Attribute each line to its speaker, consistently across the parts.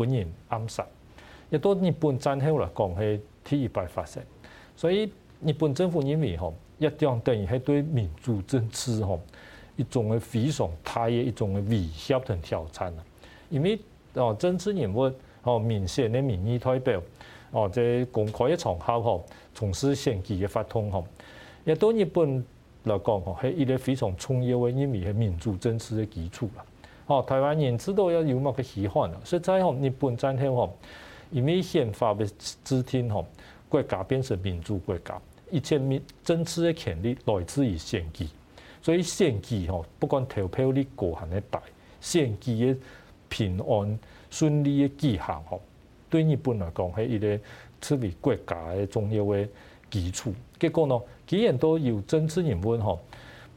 Speaker 1: 本人暗殺，亦都日本政府嚟講，係天百發生，所以日本政府認為吼，一定等於係對民主政治吼一種嘅非常大嘅一種嘅威嚇同挑戰。因為哦政治人物哦民選嘅民意代表哦，即公開一場合吼，從事先期嘅發通吼，亦都日本嚟講吼係一啲非常重要的、一啲嘅民主政治嘅基礎啦。哦，台灣人知道要有乜嘅喜歡啦，所以再、哦、日本政體、哦，講因為憲法嘅制定，講國家變成民主國家，一切民主政治嘅權力來自於選舉，所以選舉、哦，吼不管投票率高行係大，選舉嘅平安順利嘅舉行，對日本嚟講係一個處為國家嘅重要嘅基礎，結果呢，既然都有政治人物、哦，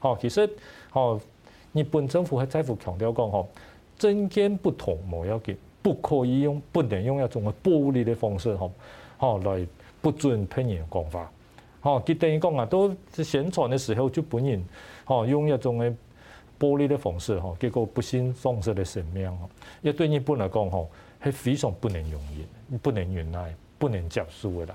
Speaker 1: 哦，其實，哦，日本政府還在乎強調講，吼，政見不同冇要緊，不可以用不能用一種暴力的方式，哦，哦，來不准別人講話。哦，等於講啊，都宣傳嘅時候就本人，哦，用一種嘅暴力的方式，哦，結果不幸喪失嘅生命。因也對日本嚟講，哦，係非常不能容忍、不能忍耐、
Speaker 2: 不能接受嘅啦。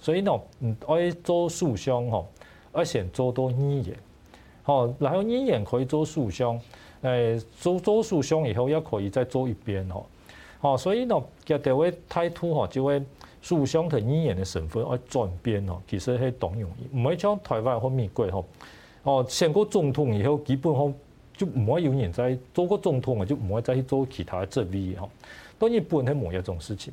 Speaker 1: 所以呢，愛做首相，吼，愛先做多議員，吼，然後議員可以做首相；誒，做做首相以後，也可以再做一邊哦，所以呢，吉這位態度吼，這位首相議員的身份而轉變哦，其實嘿當然，唔會像台灣或美國吼，哦，過總統以後，基本上就唔會有人再做過總統就唔會再去做其他職位這種事情。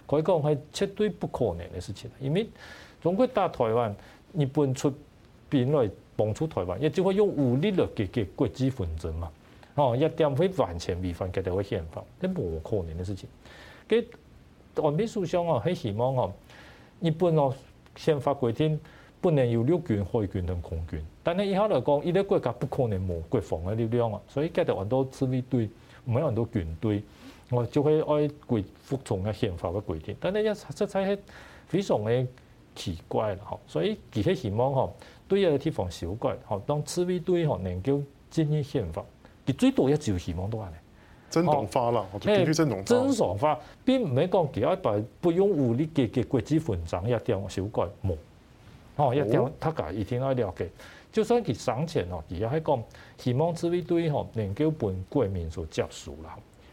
Speaker 1: 佢講係絕對不可能的事情，因為中國打台灣，日本出兵來幫助台灣，亦只會用武力來解決國際紛爭嘛。吼，一點未會完全違反佢哋嘅憲法，係無可能嘅事情。佢安倍首相哦，係希望哦、喔，日本哦憲法規定不能有陸軍、海軍同空軍，但係以後嚟講，依啲國家不可能冇國防嘅力量啊，所以佢哋話多自衛隊，唔係話多軍隊。我就會愛規服從嘅憲法嘅規定，但係一出出係非常嘅奇怪啦，嗬！所以其實希望嗬，對一啲地方小改，嗬，當自衛隊吼能夠進守憲法，佢最多一就希望都係咧，正常化啦，必須正常。正常化並唔係講其他，但係不用武力嘅嘅國之憲章一啲啊小改冇，哦一啲特價一天一了解，就算佢省錢哦，而係講希望自衛隊吼能夠被國民所接受啦。